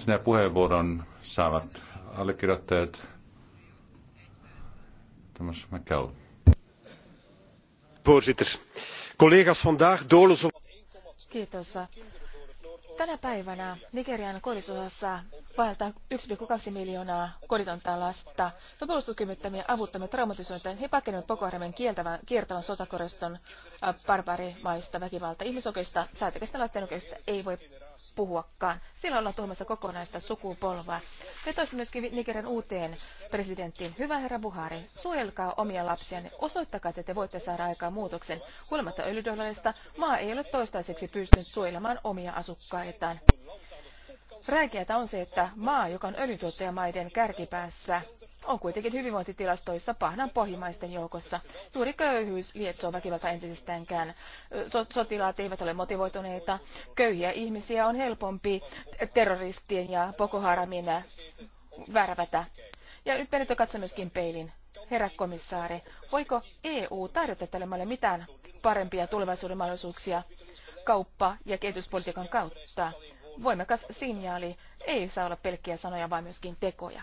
Sinä puheenvuoron saavat allekirjoittajat. Thomas McCall. Voorzitter, collega's vandaag dolen zo... Kiitos. Tänä päivänä Nigerian kodisosassa vaeltaa 1,2 miljoonaa koditonta lasta. Puolustuskyvyttömiä avuttomia traumatisointeja he pakenevat Boko Haramin kieltävän, kiertävän sotakoriston barbarimaista väkivalta. Ihmisoikeista, säätäkäistä lasten oikeista ei voi puhuakaan. Sillä ollaan tuomassa kokonaista sukupolvaa. toisin myöskin Nigerian uuteen presidenttiin. Hyvä herra Buhari, suojelkaa omia lapsianne. Osoittakaa, että te voitte saada aikaan muutoksen. Huolimatta öljydollareista, maa ei ole toistaiseksi pystynyt suojelemaan omia asukkaita tarvitaan. Räikeätä on se, että maa, joka on öljytuottajamaiden kärkipäässä, on kuitenkin hyvinvointitilastoissa pahnan pohjimaisten joukossa. Suuri köyhyys lietsoo väkivalta entisestäänkään. Sotilaat eivät ole motivoituneita. Köyhiä ihmisiä on helpompi terroristien ja Boko Haramin värvätä. Ja nyt perintö katso myöskin peilin. Herra komissaari, voiko EU tarjota tälle maalle mitään parempia tulevaisuuden mahdollisuuksia? kauppa- ja kehityspolitiikan kautta. Voimakas signaali ei saa olla pelkkiä sanoja, vaan myöskin tekoja.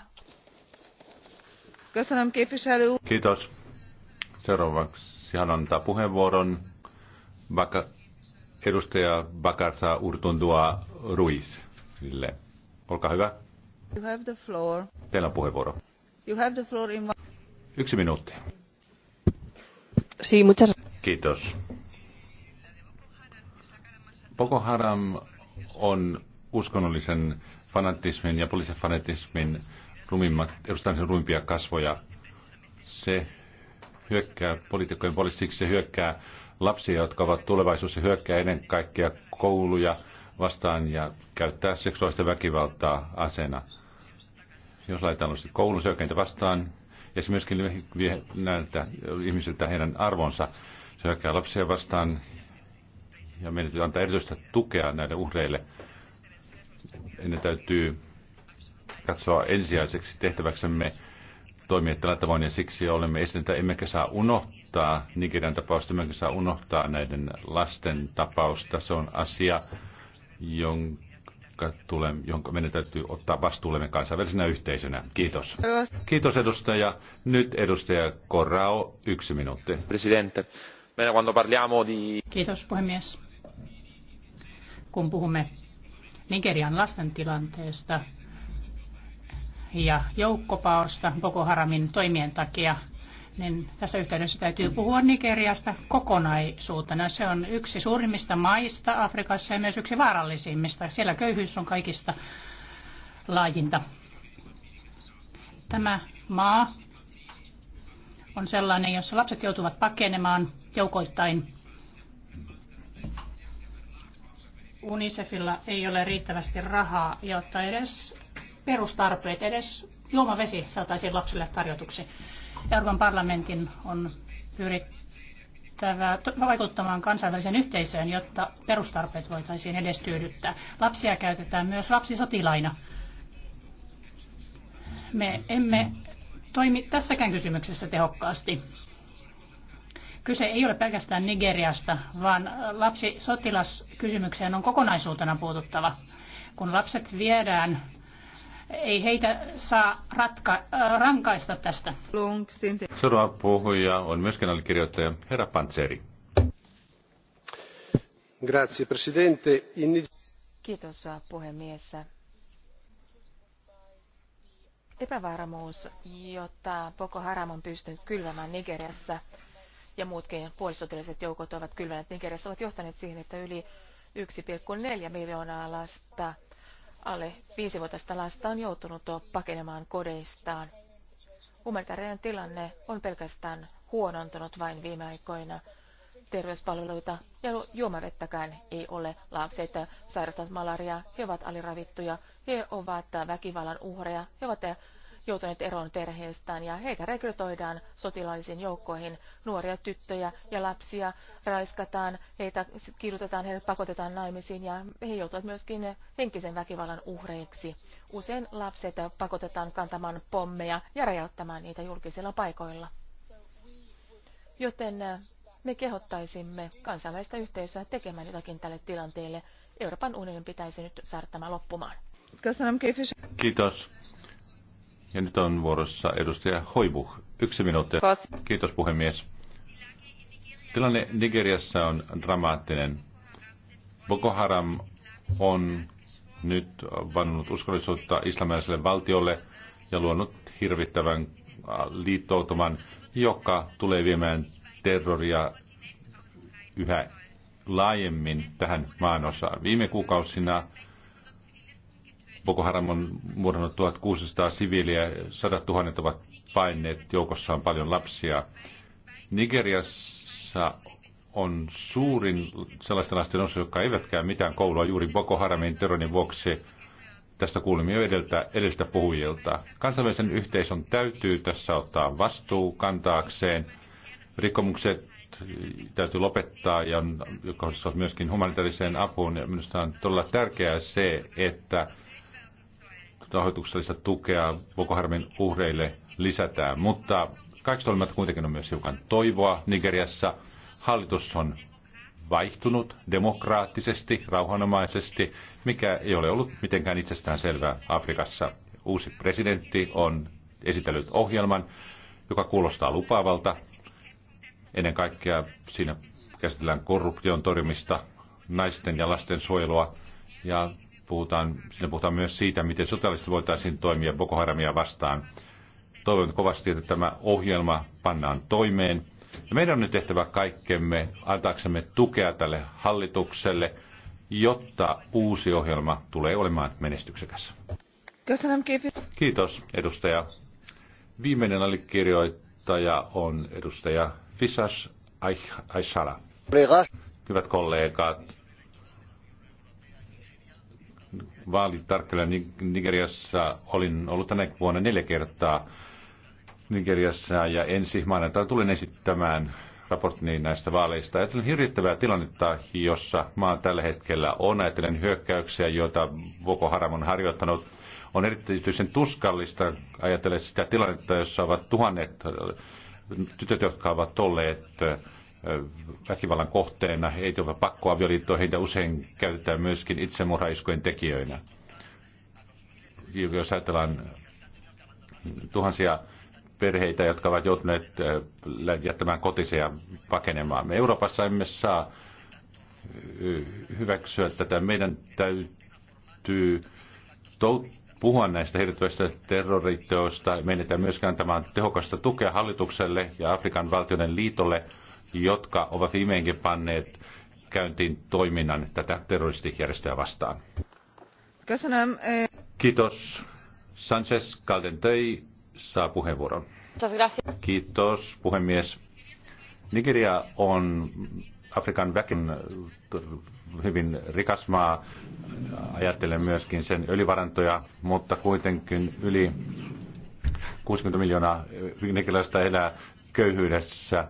Kiitos. Seuraavaksi hän antaa puheenvuoron Baka, edustaja Bakarsa Urtundua Ruizille. Olkaa hyvä. You have the floor. Teillä on puheenvuoro. You have the floor in... Yksi minuutti. Sí, muchas... Kiitos Boko Haram on uskonnollisen fanatismin ja poliisin fanatismin rumimmat, edustan kasvoja. Se hyökkää poliitikkojen puolesta, siksi se hyökkää lapsia, jotka ovat tulevaisuus, se hyökkää ennen kaikkea kouluja vastaan ja käyttää seksuaalista väkivaltaa aseena. Jos laitetaan koulun syökeintä vastaan, ja se myöskin vie näiltä ihmisiltä heidän arvonsa. Se hyökkää lapsia vastaan ja meidän täytyy antaa erityistä tukea näille uhreille. Ne täytyy katsoa ensisijaiseksi tehtäväksemme toimia tällä tavoin ja siksi olemme esillä, että emmekä saa unohtaa Nigerian tapausta, emmekä saa unohtaa näiden lasten tapausta. Se on asia, jonka, tule, jonka meidän täytyy ottaa vastuullemme kansainvälisenä yhteisönä. Kiitos. Kiitos edustaja. Nyt edustaja Korrao, yksi minuutti. Presidente. Kiitos puhemies kun puhumme Nigerian lasten tilanteesta ja joukkopaosta Boko Haramin toimien takia, niin tässä yhteydessä täytyy puhua Nigeriasta kokonaisuutena. Se on yksi suurimmista maista Afrikassa ja myös yksi vaarallisimmista. Siellä köyhyys on kaikista laajinta. Tämä maa on sellainen, jossa lapset joutuvat pakenemaan joukoittain UNICEFilla ei ole riittävästi rahaa, jotta edes perustarpeet, edes juomavesi saataisiin lapsille tarjotuksi. Euroopan parlamentin on pyrittävä vaikuttamaan kansainväliseen yhteisöön, jotta perustarpeet voitaisiin edes tyydyttää. Lapsia käytetään myös lapsisotilaina. Me emme toimi tässäkään kysymyksessä tehokkaasti. Kyse ei ole pelkästään Nigeriasta, vaan lapsi sotilaskysymykseen on kokonaisuutena puututtava. Kun lapset viedään, ei heitä saa ratka- äh, rankaista tästä. Seuraava puhuja on myöskin allekirjoittaja herra Pantseri. Grazie, presidente. In... Kiitos puhemies. Epävarmuus, jota Boko Haram on pystynyt kylvämään Nigeriassa, ja muutkin puolisotilaiset joukot ovat kylväneet Nigeriassa, ovat johtaneet siihen, että yli 1,4 miljoonaa lasta, alle viisivuotiaista lasta on joutunut pakenemaan kodeistaan. Humanitaarinen tilanne on pelkästään huonontunut vain viime aikoina. Terveyspalveluita ja juomavettäkään ei ole. Lapset sairastavat malariaa, he ovat aliravittuja, he ovat väkivallan uhreja, he ovat joutuneet eroon perheestään ja heitä rekrytoidaan sotilaallisiin joukkoihin. Nuoria tyttöjä ja lapsia raiskataan, heitä kidutetaan, heitä pakotetaan naimisiin ja he joutuvat myöskin henkisen väkivallan uhreiksi. Usein lapset pakotetaan kantamaan pommeja ja räjäyttämään niitä julkisilla paikoilla. Joten me kehottaisimme kansainvälistä yhteisöä tekemään jotakin tälle tilanteelle. Euroopan unionin pitäisi nyt saada tämä loppumaan. Kiitos. Ja nyt on vuorossa edustaja Hoibu. Yksi minuutti. Kiitos puhemies. Tilanne Nigeriassa on dramaattinen. Boko Haram on nyt vannut uskollisuutta islamilaiselle valtiolle ja luonut hirvittävän äh, liittoutuman, joka tulee viemään terroria yhä laajemmin tähän maanosaan. Viime kuukausina Boko Haram on murhannut 1600 siviiliä, sadat tuhannet ovat paineet, on paljon lapsia. Nigeriassa on suurin sellaisten lasten osuus, jotka eivät käy mitään koulua juuri Boko Haramin terrorin vuoksi. Tästä kuulimme jo edeltä, edeltä puhujilta. Kansainvälisen yhteisön täytyy tässä ottaa vastuu kantaakseen. Rikkomukset täytyy lopettaa ja on, myöskin humanitaariseen apuun. Minusta on todella tärkeää se, että rahoituksellista tukea Boko Harmin uhreille lisätään. Mutta kaikista olematta kuitenkin on myös hiukan toivoa Nigeriassa. Hallitus on vaihtunut demokraattisesti, rauhanomaisesti, mikä ei ole ollut mitenkään itsestään selvää Afrikassa. Uusi presidentti on esitellyt ohjelman, joka kuulostaa lupaavalta. Ennen kaikkea siinä käsitellään korruption torjumista, naisten ja lasten suojelua ja puhutaan, siinä puhutaan myös siitä, miten sotilaallisesti voitaisiin toimia Boko Haramia vastaan. Toivon kovasti, että tämä ohjelma pannaan toimeen. Ja meidän on nyt tehtävä kaikkemme antaaksemme tukea tälle hallitukselle, jotta uusi ohjelma tulee olemaan menestyksekäs. Kiitos, edustaja. Viimeinen allekirjoittaja on edustaja Fisas Aishara. Hyvät kollegat, vaalitarkkailija Nigeriassa. Olin ollut tänä vuonna neljä kertaa Nigeriassa ja ensi maanantai tulin esittämään raporttini näistä vaaleista. Ajattelen hirvittävää tilannetta, jossa maa tällä hetkellä on. Ajattelen hyökkäyksiä, joita Boko Haram on harjoittanut. On erityisen tuskallista ajatella sitä tilannetta, jossa ovat tuhannet tytöt, jotka ovat olleet väkivallan kohteena, ei tule tuota pakkoavioliittoihin heitä usein käytetään myöskin itsemurhaiskujen tekijöinä. Jos ajatellaan tuhansia perheitä, jotka ovat joutuneet äh, jättämään kotinsa ja pakenemaan. Me Euroopassa emme saa äh, hyväksyä tätä. Meidän täytyy puhua näistä hirvittävistä terroriteoista. Meidän täytyy myöskään antamaan tehokasta tukea hallitukselle ja Afrikan valtioiden liitolle – jotka ovat viimeinkin panneet käyntiin toiminnan tätä terroristijärjestöä vastaan. Kiitos. Sanchez Caldentei saa puheenvuoron. Kiitos puhemies. Nigeria on Afrikan väkin hyvin rikas maa. Ajattelen myöskin sen öljyvarantoja, mutta kuitenkin yli 60 miljoonaa nigerialaista elää köyhyydessä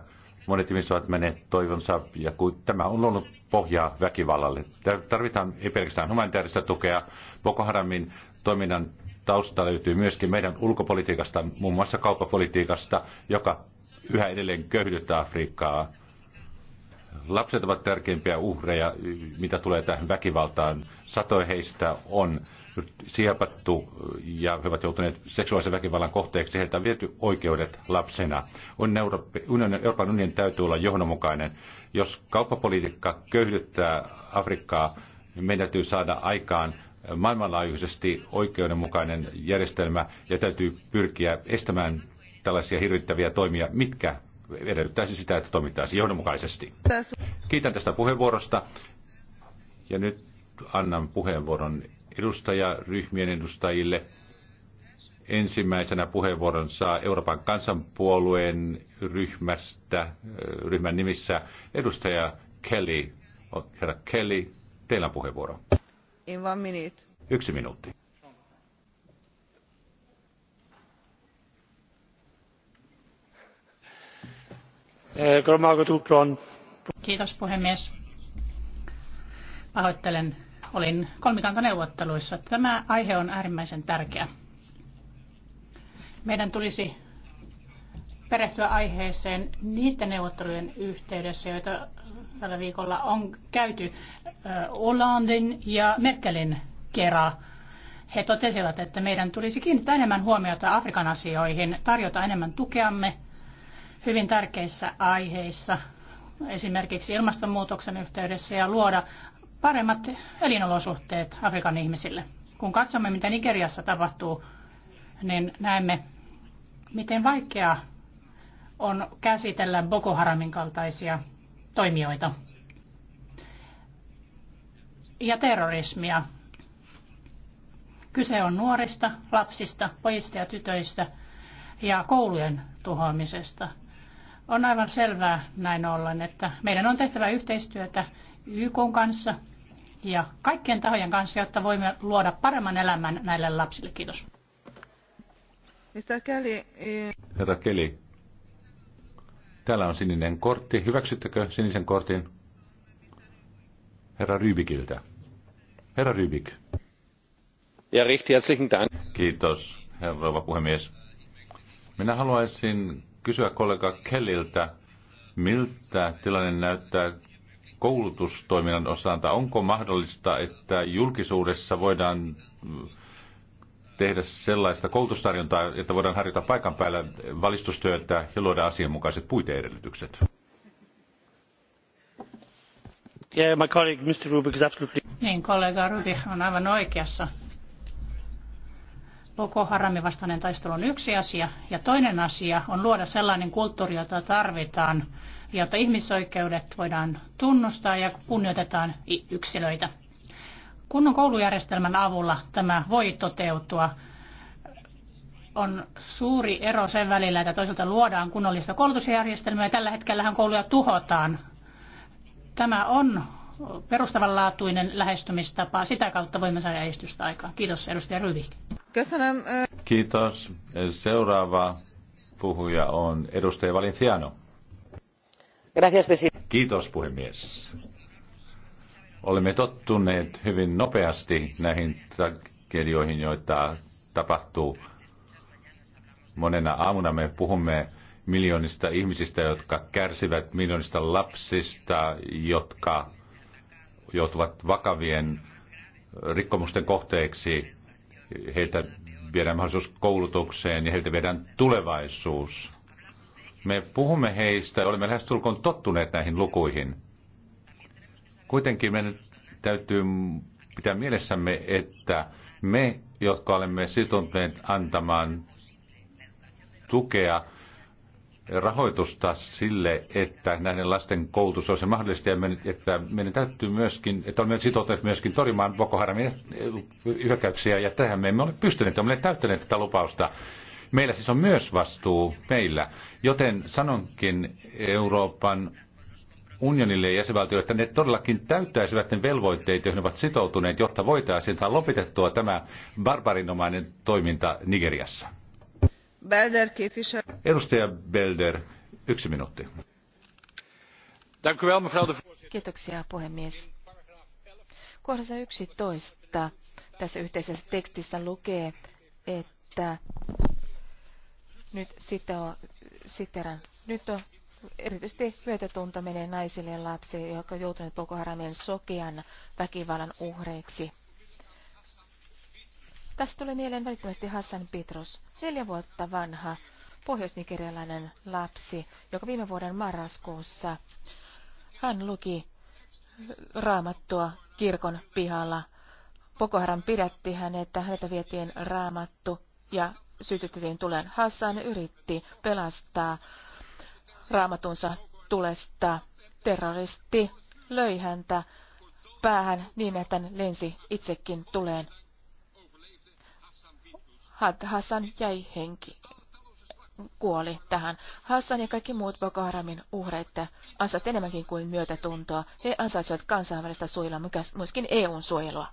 Monet ihmiset ovat menneet toivonsa ja kun tämä on ollut pohjaa väkivallalle. Tarvitaan ei pelkästään humanitaarista tukea. Boko Haramin toiminnan tausta löytyy myöskin meidän ulkopolitiikasta, muun muassa kauppapolitiikasta, joka yhä edelleen köyhdyttää Afrikkaa. Lapset ovat tärkeimpiä uhreja, mitä tulee tähän väkivaltaan. Satoja heistä on siepattu ja he ovat joutuneet seksuaalisen väkivallan kohteeksi. Heiltä on viety oikeudet lapsena. On Euroopan unionin täytyy olla johdonmukainen. Jos kauppapolitiikka köyhdyttää Afrikkaa, meidän täytyy saada aikaan maailmanlaajuisesti oikeudenmukainen järjestelmä ja täytyy pyrkiä estämään tällaisia hirvittäviä toimia, mitkä edellyttäisi sitä, että toimittaisi johdonmukaisesti. Kiitän tästä puheenvuorosta ja nyt annan puheenvuoron edustajaryhmien edustajille. Ensimmäisenä puheenvuoron saa Euroopan kansanpuolueen ryhmästä, ryhmän nimissä edustaja Kelly. Herra Kelly, teillä on puheenvuoro. In one minute. Yksi minuutti. Eh, Kiitos puhemies. Pahoittelen olin kolmikantaneuvotteluissa. Tämä aihe on äärimmäisen tärkeä. Meidän tulisi perehtyä aiheeseen niiden neuvottelujen yhteydessä, joita tällä viikolla on käyty Hollandin ja Merkelin kera. He totesivat, että meidän tulisi kiinnittää enemmän huomiota Afrikan asioihin, tarjota enemmän tukeamme hyvin tärkeissä aiheissa, esimerkiksi ilmastonmuutoksen yhteydessä ja luoda paremmat elinolosuhteet Afrikan ihmisille. Kun katsomme, mitä Nigeriassa tapahtuu, niin näemme, miten vaikeaa on käsitellä Boko Haramin kaltaisia toimijoita ja terrorismia. Kyse on nuorista, lapsista, pojista ja tytöistä ja koulujen tuhoamisesta. On aivan selvää näin ollen, että meidän on tehtävä yhteistyötä YK kanssa ja kaikkien tahojen kanssa, jotta voimme luoda paremman elämän näille lapsille. Kiitos. Eh, herra Keli, täällä on sininen kortti. Hyväksyttekö sinisen kortin? Herra Rybikiltä. Herra Rybik. Ja recht herzlichen Dank. Kiitos, herra rouva puhemies. Minä haluaisin kysyä kollega Kelliltä, miltä tilanne näyttää koulutustoiminnan osalta. Onko mahdollista, että julkisuudessa voidaan tehdä sellaista koulutustarjontaa, että voidaan harjoittaa paikan päällä valistustyötä ja luoda asianmukaiset puiteedellytykset? Yeah, my colleague, Mr. Rubik, is absolutely... Niin, kollega Rubik on aivan oikeassa. Boko Haramin vastainen taistelu on yksi asia ja toinen asia on luoda sellainen kulttuuri, jota tarvitaan, jotta ihmisoikeudet voidaan tunnustaa ja kunnioitetaan yksilöitä. Kunnon koulujärjestelmän avulla tämä voi toteutua. On suuri ero sen välillä, että toisaalta luodaan kunnollista koulutusjärjestelmää ja tällä hetkellähän kouluja tuhotaan. Tämä on perustavanlaatuinen lähestymistapa. Sitä kautta voimme saada edistystä aikaan. Kiitos edustaja Ryvi. Kiitos. Seuraava puhuja on edustaja Valenciano. Kiitos puhemies. Olemme tottuneet hyvin nopeasti näihin tragedioihin, joita tapahtuu. Monena aamuna me puhumme miljoonista ihmisistä, jotka kärsivät, miljoonista lapsista, jotka joutuvat vakavien rikkomusten kohteeksi heiltä viedään mahdollisuus koulutukseen ja heiltä viedään tulevaisuus. Me puhumme heistä ja olemme tulkoon tottuneet näihin lukuihin. Kuitenkin meidän täytyy pitää mielessämme, että me, jotka olemme sitoutuneet antamaan tukea rahoitusta sille, että näiden lasten koulutus olisi mahdollista ja me, että meidän täytyy myöskin, että olemme sitoutuneet myöskin torjumaan Boko Haramin eh, hyökkäyksiä ja tähän me emme ole pystyneet, olemme täyttäneet tätä lupausta. Meillä siis on myös vastuu meillä, joten sanonkin Euroopan unionille ja jäsenvaltioille, että ne todellakin täyttäisivät ne velvoitteet, joihin ne ovat sitoutuneet, jotta voitaisiin lopetettua tämä barbarinomainen toiminta Nigeriassa. Belder Edustaja Belder, yksi minuutti. Kiitoksia puhemies. Kohdassa 11 tässä yhteisessä tekstissä lukee, että nyt sitoo, siteran, nyt on erityisesti myötätunto menee naisille ja lapsille, jotka ovat joutuneet Boko Haramin sokean väkivallan uhreiksi. Tästä tuli mieleen välittömästi Hassan Petros, neljä vuotta vanha pohjoisnikerialainen lapsi, joka viime vuoden marraskuussa hän luki raamattua kirkon pihalla. Pokoharan pidätti hänet, että häneltä vietiin raamattu ja sytytettiin tuleen. Hassan yritti pelastaa raamatunsa tulesta. Terroristi löi häntä päähän niin, että hän lensi itsekin tuleen. Hassan jäi henki, kuoli tähän. Hassan ja kaikki muut Boko Haramin uhreit ansaat enemmänkin kuin myötätuntoa. He ansaitsevat kansainvälistä suojelua, myöskin EUn suojelua.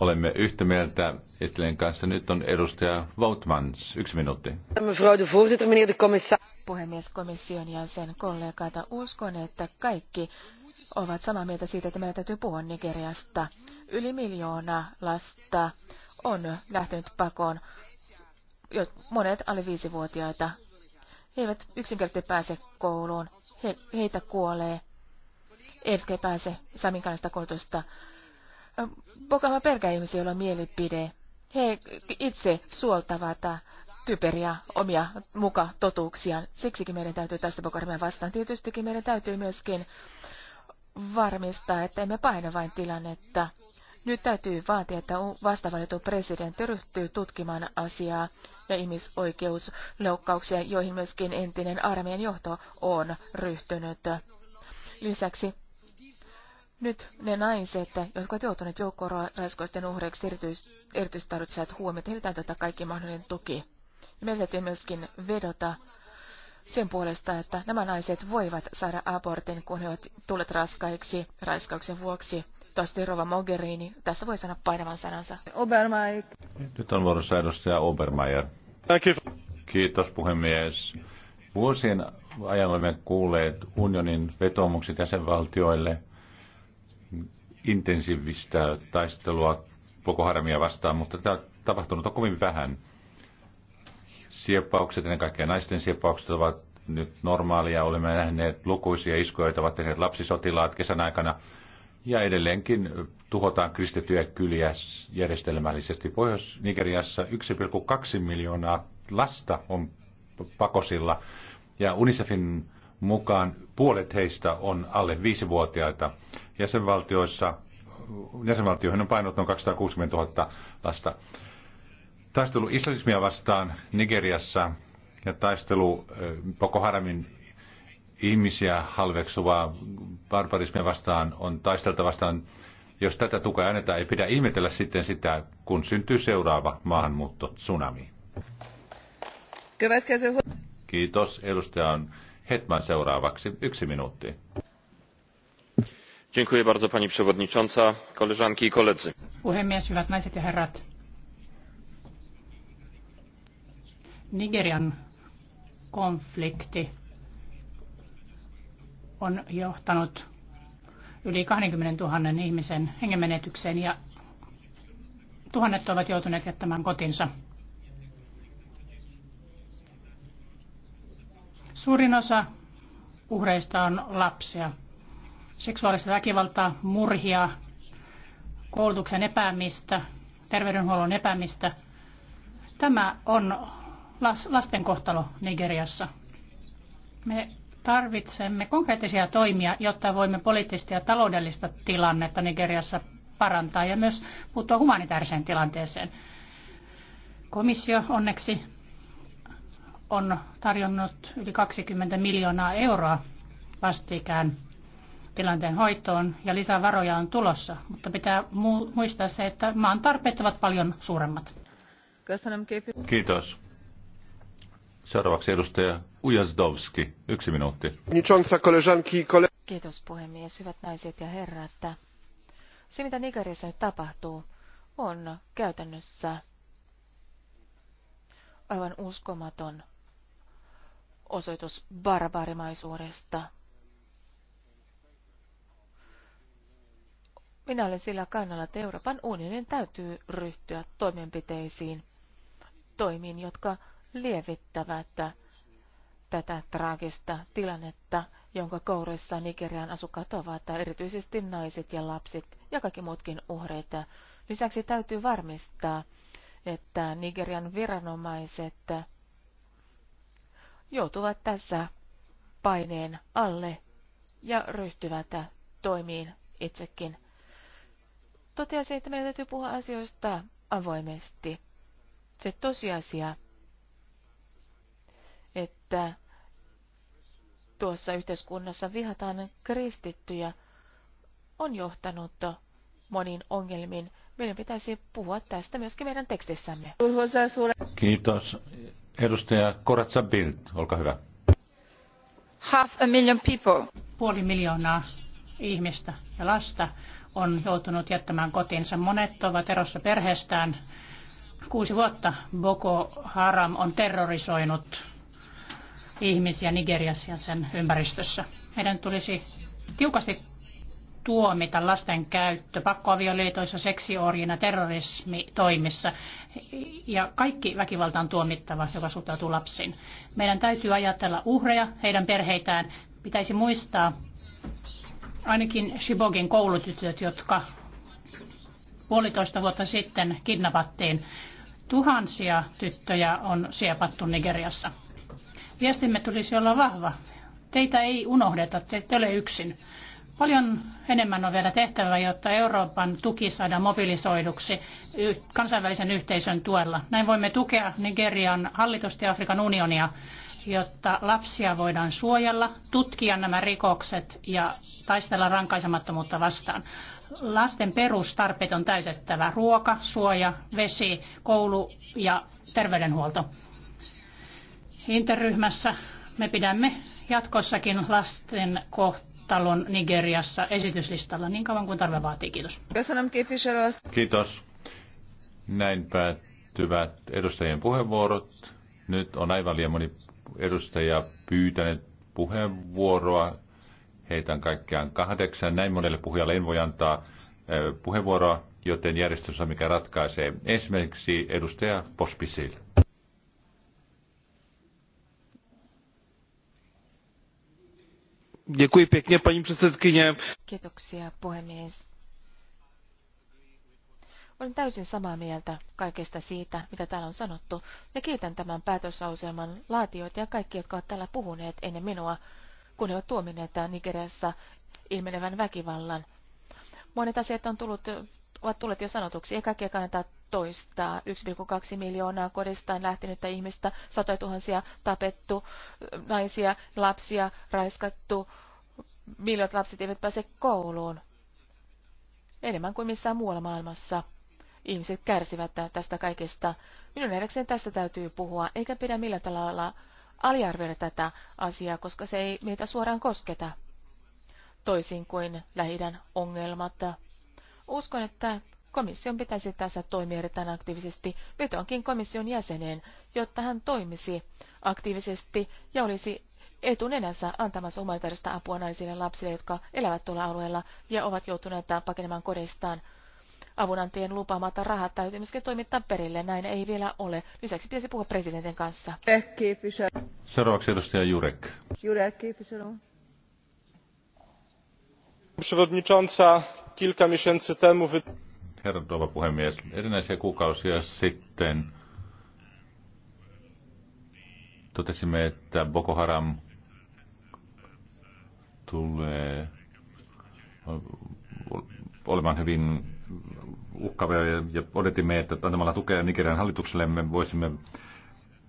Olemme yhtä mieltä Estilien kanssa. Nyt on edustaja Voutmans. Yksi minuutti. Puhemies, komission jäsen, kollegaita, uskon, että kaikki ovat samaa mieltä siitä, että meidän täytyy puhua Nigeriasta. Yli miljoona lasta on lähtenyt pakoon, jo monet alle viisivuotiaita. He eivät yksinkertaisesti pääse kouluun, He, heitä kuolee, eivätkä pääse saminkaista koulutusta. Bokama pelkää ihmisiä, joilla on mielipide. He itse suoltavat typeriä omia muka totuuksiaan. Siksikin meidän täytyy tästä Bokarmeen vastaan. Tietystikin meidän täytyy myöskin varmistaa, että emme paina vain tilannetta. Nyt täytyy vaatia, että vastavalittu presidentti ryhtyy tutkimaan asiaa ja ihmisoikeusloukkauksia, joihin myöskin entinen armeijan johto on ryhtynyt. Lisäksi nyt ne naiset, jotka ovat joutuneet joukkoraiskoisten uhreiksi, erityisesti tarvitsevat huomiota, heiltä täytyy ottaa kaikki mahdollinen tuki. Ja meidän täytyy myöskin vedota sen puolesta, että nämä naiset voivat saada abortin, kun he ovat tulleet raskaiksi raiskauksen vuoksi. Toivottavasti Rova Mogherini tässä voi sanoa painavan sanansa. Obermeier. Nyt on vuorossa edustaja Obermeier. Kiitos puhemies. Vuosien ajan olemme kuulleet unionin vetomukset jäsenvaltioille intensiivistä taistelua Boko Haramia vastaan, mutta tämä on tapahtunut on kovin vähän sieppaukset, ennen kaikkea naisten sieppaukset ovat nyt normaalia. Olemme nähneet lukuisia iskoja, joita ovat tehneet lapsisotilaat kesän aikana. Ja edelleenkin tuhotaan kristittyjä kyliä järjestelmällisesti. Pohjois-Nigeriassa 1,2 miljoonaa lasta on pakosilla. Ja UNICEFin mukaan puolet heistä on alle viisivuotiaita. Jäsenvaltioissa, jäsenvaltioihin on painot noin 260 000 lasta. Taistelu islamismia vastaan Nigeriassa ja taistelu Boko Haramin ihmisiä halveksuvaa barbarismia vastaan on taistelta vastaan. Jos tätä tukea annetaan, ei pidä ihmetellä sitten sitä, kun syntyy seuraava maahanmuutto tsunami. Kiitos. Edustaja on Hetman seuraavaksi. Yksi minuutti. Dziękuję bardzo pani przewodnicząca, koleżanki i koledzy. Puhemies, hyvät naiset ja herrat. Nigerian konflikti on johtanut yli 20 000 ihmisen hengenmenetykseen ja tuhannet ovat joutuneet jättämään kotinsa. Suurin osa uhreista on lapsia. Seksuaalista väkivaltaa, murhia, koulutuksen epäämistä, terveydenhuollon epäämistä. Tämä on lasten kohtalo Nigeriassa. Me tarvitsemme konkreettisia toimia, jotta voimme poliittista ja taloudellista tilannetta Nigeriassa parantaa ja myös puuttua humanitaariseen tilanteeseen. Komissio onneksi on tarjonnut yli 20 miljoonaa euroa vastikään tilanteen hoitoon ja lisää varoja on tulossa, mutta pitää muistaa se, että maan tarpeet ovat paljon suuremmat. Kiitos. Seuraavaksi edustaja Ujazdowski, yksi minuutti. Kiitos puhemies, hyvät naiset ja herrat. Se, mitä Nigeriassa nyt tapahtuu, on käytännössä aivan uskomaton osoitus barbaarimaisuudesta. Minä olen sillä kannalla, että Euroopan unionin täytyy ryhtyä toimenpiteisiin, toimiin, jotka lievittävät tätä traagista tilannetta, jonka kourissa Nigerian asukkaat ovat, erityisesti naiset ja lapset ja kaikki muutkin uhreet. Lisäksi täytyy varmistaa, että Nigerian viranomaiset joutuvat tässä paineen alle ja ryhtyvät toimiin itsekin. Toteaisin, että meidän täytyy puhua asioista avoimesti. Se tosiasia, että tuossa yhteiskunnassa vihataan kristittyjä, on johtanut moniin ongelmiin. Meidän pitäisi puhua tästä myöskin meidän tekstissämme. Kiitos. Edustaja Koratsa Bild, olkaa hyvä. Half a million people. Puoli miljoonaa ihmistä ja lasta on joutunut jättämään kotinsa. Monet ovat erossa perheestään. Kuusi vuotta Boko Haram on terrorisoinut ihmisiä Nigeriassa ja sen ympäristössä. Meidän tulisi tiukasti tuomita lasten käyttö pakkoavioliitoissa, seksiorjina, terrorismitoimissa ja kaikki väkivalta on tuomittava, joka suhtautuu lapsiin. Meidän täytyy ajatella uhreja, heidän perheitään. Pitäisi muistaa ainakin Shibogin koulutytöt, jotka puolitoista vuotta sitten kidnappattiin. Tuhansia tyttöjä on siepattu Nigeriassa. Viestimme tulisi olla vahva. Teitä ei unohdeta, te ette ole yksin. Paljon enemmän on vielä tehtävä, jotta Euroopan tuki saadaan mobilisoiduksi kansainvälisen yhteisön tuella. Näin voimme tukea Nigerian hallitusta ja Afrikan unionia, jotta lapsia voidaan suojella, tutkia nämä rikokset ja taistella rankaisemattomuutta vastaan. Lasten perustarpeet on täytettävä ruoka, suoja, vesi, koulu ja terveydenhuolto. Interryhmässä me pidämme jatkossakin lasten kohtalon Nigeriassa esityslistalla niin kauan kuin tarve vaatii. Kiitos. Kiitos. Näin päättyvät edustajien puheenvuorot. Nyt on aivan liian moni edustaja pyytänyt puheenvuoroa. Heitän kaikkiaan kahdeksan. Näin monelle puhujalle en voi antaa puheenvuoroa, joten järjestys on mikä ratkaisee. Esimerkiksi edustaja Pospisil. paní předsedající Kiitoksia, Olen täysin samaa mieltä kaikesta siitä, mitä täällä on sanottu, ja kiitän tämän päätöslauselman laatijoita ja kaikki, jotka ovat täällä puhuneet ennen minua, kun he ovat tuomineet Nigeriassa ilmenevän väkivallan. Monet asiat on tullut, ovat tulleet jo sanotuksi, ja kaikkia kannattaa toista 1,2 miljoonaa kodistaan lähtenyttä ihmistä, satoja tuhansia tapettu, naisia, lapsia raiskattu, miljoonat lapset eivät pääse kouluun. Enemmän kuin missään muualla maailmassa. Ihmiset kärsivät tästä kaikesta. Minun edekseen tästä täytyy puhua, eikä pidä millä tavalla aliarvioida tätä asiaa, koska se ei meitä suoraan kosketa. Toisin kuin lähidän ongelmat. Uskon, että Komission pitäisi tässä toimia erittäin aktiivisesti. Vetoankin komission jäseneen, jotta hän toimisi aktiivisesti ja olisi etunenänsä antamassa humanitaarista apua naisille ja lapsille, jotka elävät tuolla alueella ja ovat joutuneet pakenemaan kodeistaan. avunantien lupaamatta rahat täytyy myöskin toimittaa perille, näin ei vielä ole. Lisäksi pitäisi puhua presidentin kanssa. Seuraavaksi edustaja Jurek. Jurek, przewodnicząca kilka miesięcy temu herra tuova puhemies. Erinäisiä kuukausia sitten totesimme, että Boko Haram tulee olemaan hyvin uhkavia ja odotimme, että antamalla tukea Nigerian hallitukselle me voisimme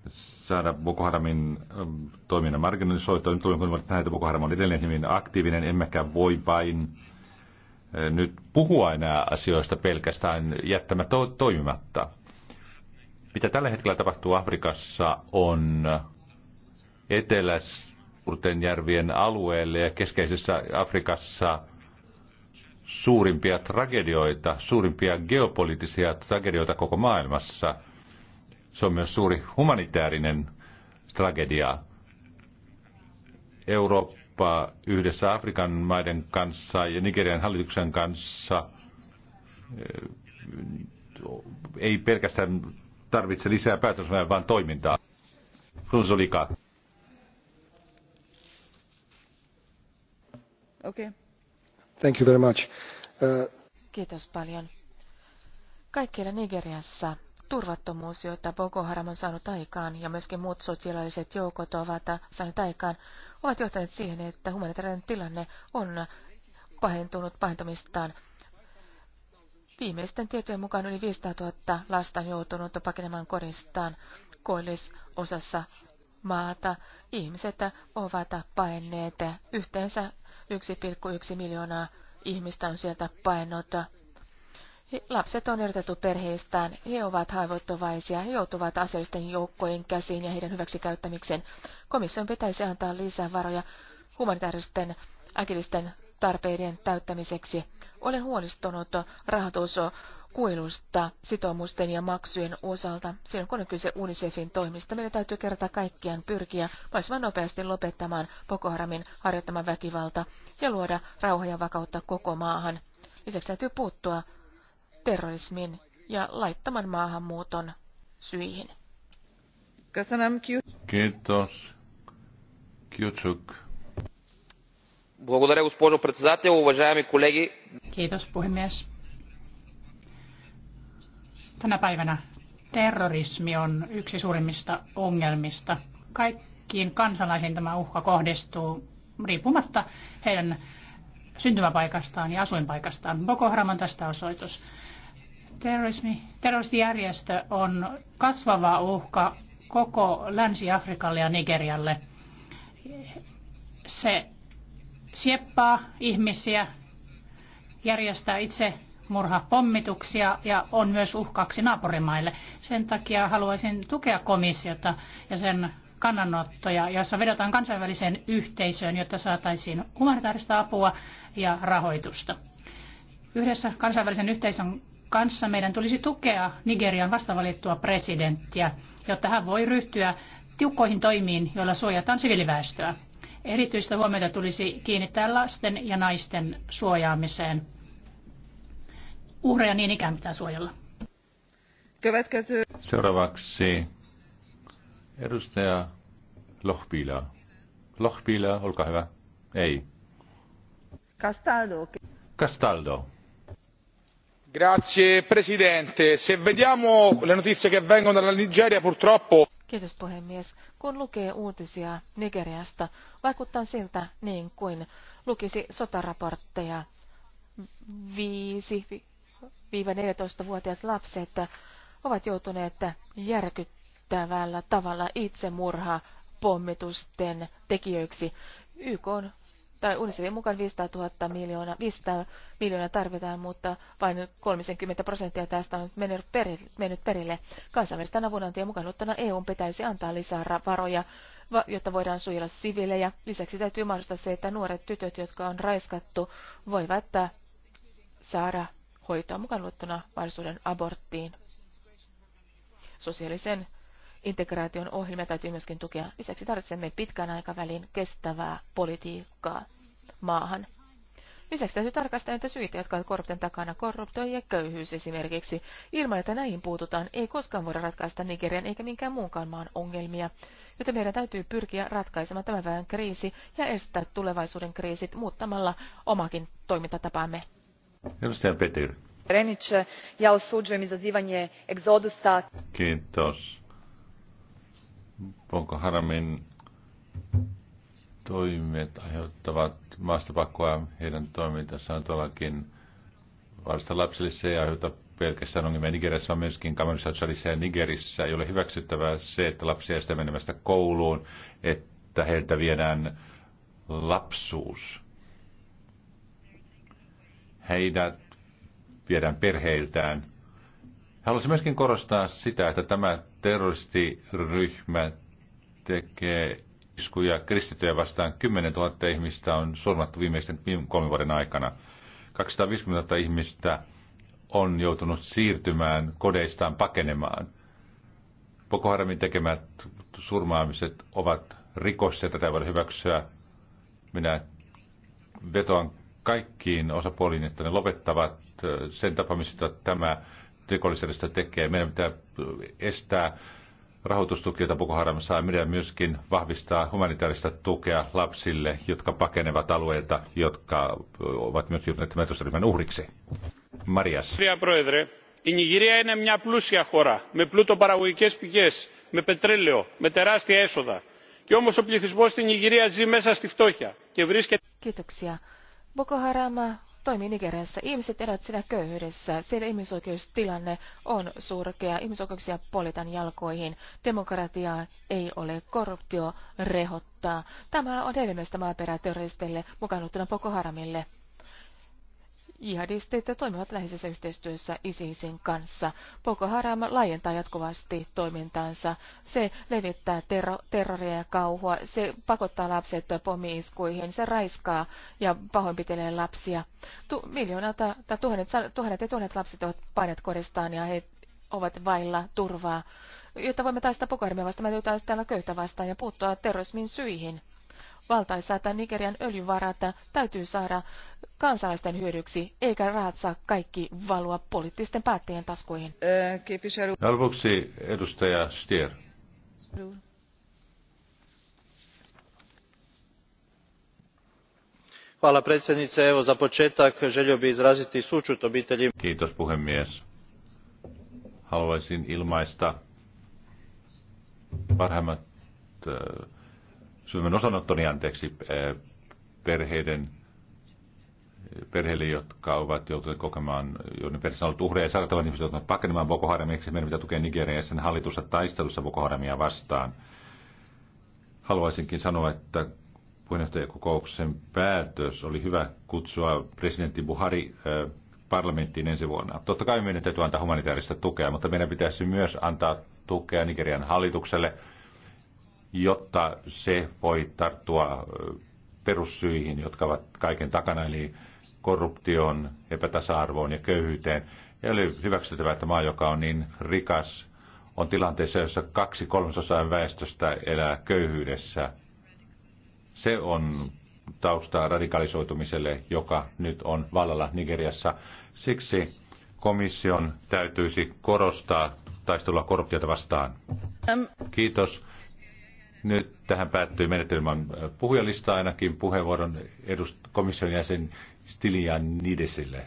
saada Boko Haramin ähm, toiminnan marginalisoitua. Nyt tulemme kuulemaan, että näitä Boko Haram on edelleen hyvin aktiivinen, emmekä voi vain nyt puhua enää asioista pelkästään jättämättä to- toimimatta. Mitä tällä hetkellä tapahtuu Afrikassa on etelä järvien alueelle ja keskeisessä Afrikassa suurimpia tragedioita, suurimpia geopoliittisia tragedioita koko maailmassa. Se on myös suuri humanitaarinen tragedia. Eurooppa kauppaa yhdessä Afrikan maiden kanssa ja Nigerian hallituksen kanssa ei pelkästään tarvitse lisää päätösmäärää vaan toimintaa. Frunzolika. Okay. Thank you very much. Uh... Kiitos paljon. Kaikkialla Nigeriassa turvattomuus, jota Boko Haram on saanut aikaan, ja myöskin muut sotilaalliset joukot ovat saaneet aikaan, ovat johtaneet siihen, että humanitaarinen tilanne on pahentunut pahentumistaan. Viimeisten tietojen mukaan yli 500 000 lasta on joutunut pakenemaan kodistaan koillisosassa maata. Ihmiset ovat paenneet. Yhteensä 1,1 miljoonaa ihmistä on sieltä paennut. Lapset on erotettu perheistään, he ovat haavoittuvaisia, he joutuvat aseellisten joukkojen käsiin ja heidän hyväksikäyttämiseen. Komission pitäisi antaa lisää varoja humanitaaristen äkillisten tarpeiden täyttämiseksi. Olen huolestunut rahoituskuilusta sitoumusten ja maksujen osalta. Silloin kun on kyse UNICEFin toimista, meidän täytyy kerta kaikkiaan pyrkiä mahdollisimman nopeasti lopettamaan Boko Haramin harjoittama väkivalta ja luoda rauha ja vakautta koko maahan. Lisäksi täytyy puuttua terrorismin ja laittoman maahanmuuton syihin. Kiitos. Kiitos. Благодаря, госпожо председател. Уважаеми колеги. Kiitos, puhemies. Tänä päivänä terrorismi on yksi suurimmista ongelmista. Kaikkiin kansalaisiin tämä uhka kohdistuu riippumatta heidän syntymäpaikastaan ja asuinpaikastaan. Boko Haram on tästä osoitus. Terrorismi, terroristijärjestö on kasvava uhka koko Länsi-Afrikalle ja Nigerialle. Se sieppaa ihmisiä, järjestää itse murhapommituksia ja on myös uhkaksi naapurimaille. Sen takia haluaisin tukea komissiota ja sen kannanottoja, joissa vedotaan kansainväliseen yhteisöön, jotta saataisiin humanitaarista apua ja rahoitusta. Yhdessä kansainvälisen yhteisön kanssa meidän tulisi tukea Nigerian vastavalittua presidenttiä, jotta hän voi ryhtyä tiukkoihin toimiin, joilla suojataan siviiliväestöä. Erityistä huomiota tulisi kiinnittää lasten ja naisten suojaamiseen. Uhreja niin ikään pitää suojella. Seuraavaksi edustaja Lohpila. Lohpila, olkaa hyvä. Ei. Castaldo. Castaldo arvoisa puhemies kun lukee uutisia nigeriasta vaikuttaa siltä niin kuin lukisi sotaraportteja. viisi neljätoista vuotiaat lapset ovat joutuneet järkyttävällä tavalla itsemurha pommitusten tekijöiksi. YK on tai Unicefin mukaan 500 000 miljoonaa, 500 miljoonaa tarvitaan, mutta vain 30 prosenttia tästä on mennyt perille. Mennyt perille. Kansainvälisten avunantien mukaan ottana EU pitäisi antaa lisää varoja, jotta voidaan suojella siviilejä. Lisäksi täytyy mahdollistaa se, että nuoret tytöt, jotka on raiskattu, voivat äh, saada hoitoa mukaan luettuna mahdollisuuden aborttiin. Sosiaalisen integraation ohjelmia täytyy myöskin tukea. Lisäksi tarvitsemme pitkän aikavälin kestävää politiikkaa maahan. Lisäksi täytyy tarkastaa entä syitä, jotka ovat korruption takana korruptio ja köyhyys esimerkiksi. Ilman, että näihin puututaan, ei koskaan voida ratkaista Nigerian eikä minkään muunkaan maan ongelmia. Joten meidän täytyy pyrkiä ratkaisemaan tämän vähän kriisi ja estää tulevaisuuden kriisit muuttamalla omakin toimintatapaamme. Edustaja Petir. Kiitos Boko Haramin toimet aiheuttavat maastopakkoa. Heidän toimintansa on todellakin varsin lapsellisia ja aiheuta pelkästään ongelmia. Nigerissä on myöskin Kamerunissa, ja Nigerissä. Ei ole hyväksyttävää se, että lapsia estää menemästä kouluun, että heiltä viedään lapsuus. Heidät viedään perheiltään. Haluaisin myöskin korostaa sitä, että tämä terroristiryhmä tekee iskuja kristittyjä vastaan. 10 000 ihmistä on surmattu viimeisten kolmen vuoden aikana. 250 000 ihmistä on joutunut siirtymään kodeistaan pakenemaan. Boko Haramin tekemät surmaamiset ovat rikos ja tätä ei voida hyväksyä. Minä vetoan kaikkiin osapuoliin, että ne lopettavat äh, sen tapaamista tämä rikollisjärjestö tekee. Meidän pitää estää rahoitustuki, jota Boko Haram saa. Meidän myöskin vahvistaa humanitaarista tukea lapsille, jotka pakenevat alueita, jotka ovat myös joutuneet metosryhmän uhriksi. Marias. Η Νιγηρία είναι μια πλούσια χώρα, με πλούτο παραγωγικές πηγές, με πετρέλαιο, με τεράστια έσοδα. Και όμω ο πληθυσμό στην Νιγηρία ζει μέσα στη φτώχεια και βρίσκεται... Κοίταξε. Boko Haram toimii Nigeriassa. Ihmiset elävät siellä köyhyydessä. Siellä ihmisoikeustilanne on surkea. Ihmisoikeuksia politan jalkoihin. Demokratiaa ei ole. Korruptio rehottaa. Tämä on edelleen maaperä terroristeille, mukaan Boko Haramille. Jihadistit toimivat läheisessä yhteistyössä ISISin kanssa. Boko Haram laajentaa jatkuvasti toimintaansa. Se levittää terro- terroria ja kauhua. Se pakottaa lapset pommiiskuihin. Se raiskaa ja pahoinpitelee lapsia. Tu- miljoonalta tai tuhannet, tuhannet ja tuhannet lapset ovat painet kodistaan ja he ovat vailla turvaa. Jotta voimme taistaa Boko Haramia vastaan, me täällä taistella köyhtä vastaan ja puuttua terrorismin syihin valtaisaa tai Nigerian öljyvarat täytyy saada kansalaisten hyödyksi, eikä rahat saa kaikki valua poliittisten päättäjien taskuihin. Ja edustaja Stier. Hvala predsjednice. Evo za početak želio bi izraziti sučut obitelji. Kiitos puhemies. Haluaisin ilmaista parhaimmat äh, eh, Suomen osanottoni anteeksi eh, perheiden eh, perheille, jotka ovat joutuneet kokemaan, joiden perheessä on ollut uhreja ja saattavat ihmiset joutuneet pakenemaan Boko Haramiksi. Meidän pitää tukea Nigeria ja sen hallitussa taistelussa Boko Haramia vastaan. Haluaisinkin sanoa, että puheenjohtajakokouksen päätös oli hyvä kutsua presidentti Buhari eh, parlamenttiin ensi vuonna. Totta kai meidän täytyy antaa humanitaarista tukea, mutta meidän pitäisi myös antaa tukea Nigerian hallitukselle – jotta se voi tarttua perussyihin, jotka ovat kaiken takana, eli korruptioon, epätasa-arvoon ja köyhyyteen. Ja oli hyväksyttävää, että maa, joka on niin rikas, on tilanteessa, jossa kaksi kolmasosaa väestöstä elää köyhyydessä. Se on taustaa radikalisoitumiselle, joka nyt on vallalla Nigeriassa. Siksi komission täytyisi korostaa taistelua korruptiota vastaan. Kiitos. Nyt tähän päättyy menetelmän äh, puhujalista ainakin puheenvuoron edust- komission jäsen Stilian Nidesille.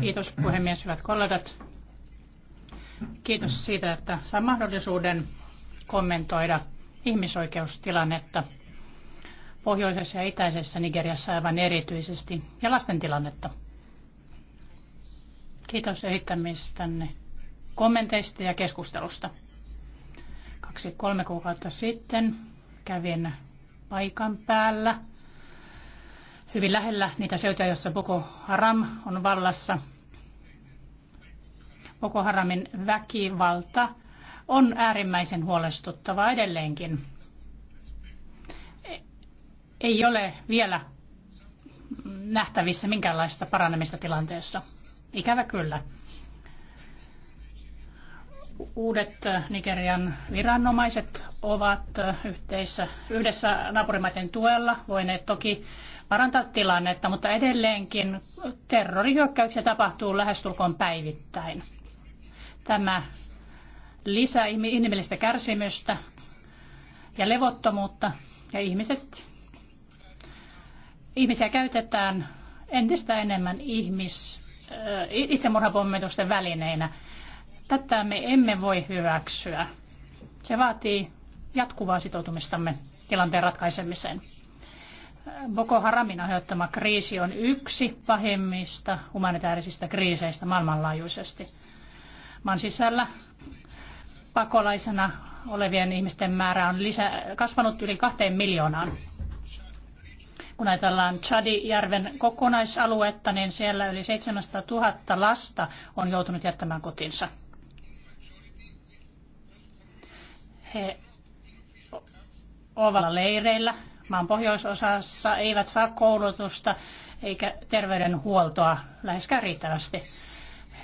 Kiitos puhemies, hyvät kollegat. Kiitos siitä, että saan mahdollisuuden kommentoida ihmisoikeustilannetta pohjoisessa ja itäisessä Nigeriassa aivan erityisesti ja lasten tilannetta. Kiitos esittämistänne kommenteista ja keskustelusta. Kaksi-kolme kuukautta sitten kävin paikan päällä hyvin lähellä niitä seutuja, joissa Boko Haram on vallassa. Boko Haramin väkivalta on äärimmäisen huolestuttava edelleenkin. Ei ole vielä nähtävissä minkäänlaista paranemista tilanteessa. Ikävä kyllä. Uudet äh, Nigerian viranomaiset ovat äh, yhteissä, yhdessä naapurimaiden tuella voineet toki parantaa tilannetta, mutta edelleenkin terrorihyökkäyksiä tapahtuu lähestulkoon päivittäin. Tämä lisää inhimillistä kärsimystä ja levottomuutta ja ihmiset, ihmisiä käytetään entistä enemmän ihmis, äh, itsemurhapommitusten välineinä. Tätä me emme voi hyväksyä. Se vaatii jatkuvaa sitoutumistamme tilanteen ratkaisemiseen. Boko Haramin aiheuttama kriisi on yksi pahimmista humanitaarisista kriiseistä maailmanlaajuisesti. Maan sisällä pakolaisena olevien ihmisten määrä on lisä, kasvanut yli kahteen miljoonaan. Kun ajatellaan Chadijärven kokonaisaluetta, niin siellä yli 700 000 lasta on joutunut jättämään kotinsa. He ovat leireillä maan pohjoisosassa, eivät saa koulutusta eikä terveydenhuoltoa läheskään riittävästi.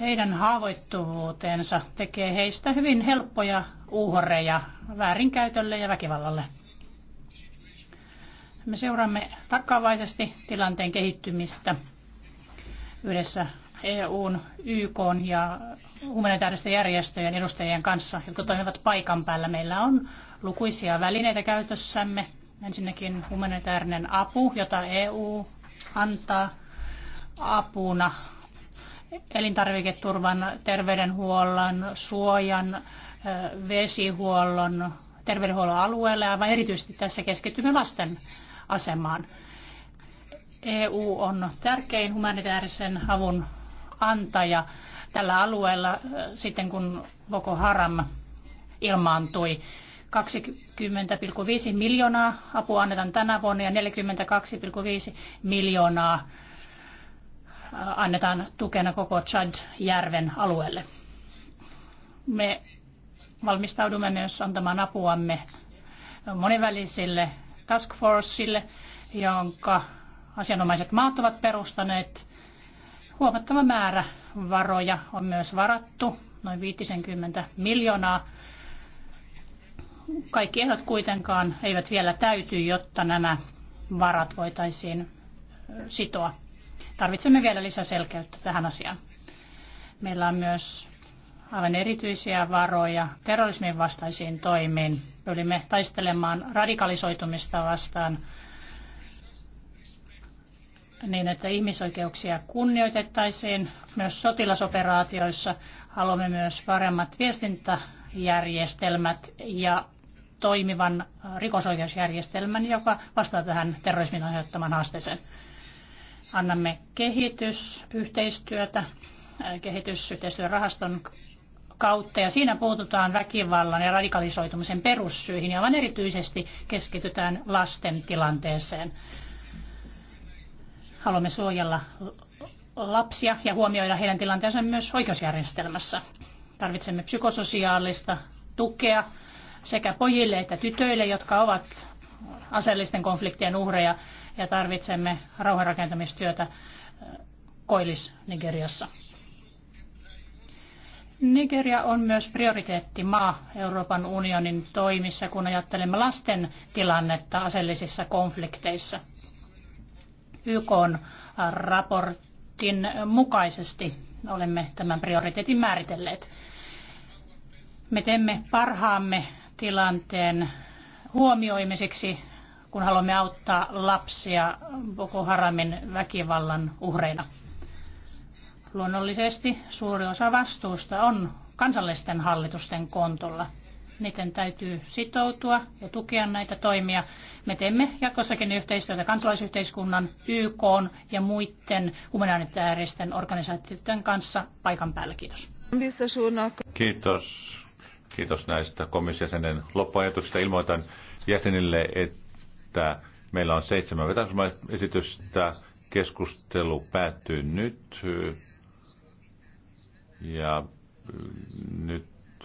Heidän haavoittuvuutensa tekee heistä hyvin helppoja uhreja väärinkäytölle ja väkivallalle. Me seuraamme tarkkaavaisesti tilanteen kehittymistä yhdessä EUn, YK ja humanitaaristen järjestöjen edustajien kanssa, jotka toimivat paikan päällä. Meillä on lukuisia välineitä käytössämme. Ensinnäkin humanitaarinen apu, jota EU antaa apuna elintarviketurvan, terveydenhuollon, suojan, vesihuollon, terveydenhuollon alueella, aivan erityisesti tässä keskitymme lasten asemaan. EU on tärkein humanitaarisen avun antaja tällä alueella sitten kun Boko Haram ilmaantui. 20,5 miljoonaa apua annetaan tänä vuonna ja 42,5 miljoonaa annetaan tukena koko Chad-järven alueelle. Me valmistaudumme myös antamaan apuamme monivälisille task forceille, jonka asianomaiset maat ovat perustaneet Huomattava määrä varoja on myös varattu, noin 50 miljoonaa. Kaikki ehdot kuitenkaan eivät vielä täyty, jotta nämä varat voitaisiin sitoa. Tarvitsemme vielä lisäselkeyttä tähän asiaan. Meillä on myös aivan erityisiä varoja terrorismin vastaisiin toimiin. Pyrimme taistelemaan radikalisoitumista vastaan niin, että ihmisoikeuksia kunnioitettaisiin myös sotilasoperaatioissa. Haluamme myös paremmat viestintäjärjestelmät ja toimivan rikosoikeusjärjestelmän, joka vastaa tähän terrorismin aiheuttamaan haasteeseen. Annamme kehitysyhteistyötä kehitysyhteistyörahaston kautta ja siinä puututaan väkivallan ja radikalisoitumisen perussyihin ja aivan erityisesti keskitytään lasten tilanteeseen. Haluamme suojella lapsia ja huomioida heidän tilanteensa myös oikeusjärjestelmässä. Tarvitsemme psykososiaalista tukea sekä pojille että tytöille, jotka ovat aseellisten konfliktien uhreja, ja tarvitsemme rauhanrakentamistyötä äh, Koillis-Nigeriassa. Nigeria on myös prioriteettimaa Euroopan unionin toimissa, kun ajattelemme lasten tilannetta aseellisissa konflikteissa – YK raportin mukaisesti olemme tämän prioriteetin määritelleet. Me teemme parhaamme tilanteen huomioimiseksi, kun haluamme auttaa lapsia Boko Haramin väkivallan uhreina. Luonnollisesti suuri osa vastuusta on kansallisten hallitusten kontolla miten täytyy sitoutua ja tukea näitä toimia. Me teemme jatkossakin yhteistyötä kansalaisyhteiskunnan, YK ja muiden humanitaaristen organisaatioiden kanssa paikan päällä. Kiitos. Kiitos. Kiitos näistä komissiosenen loppuajatuksista. Ilmoitan jäsenille, että meillä on seitsemän vetämisesitystä. Keskustelu päättyy nyt. Ja nyt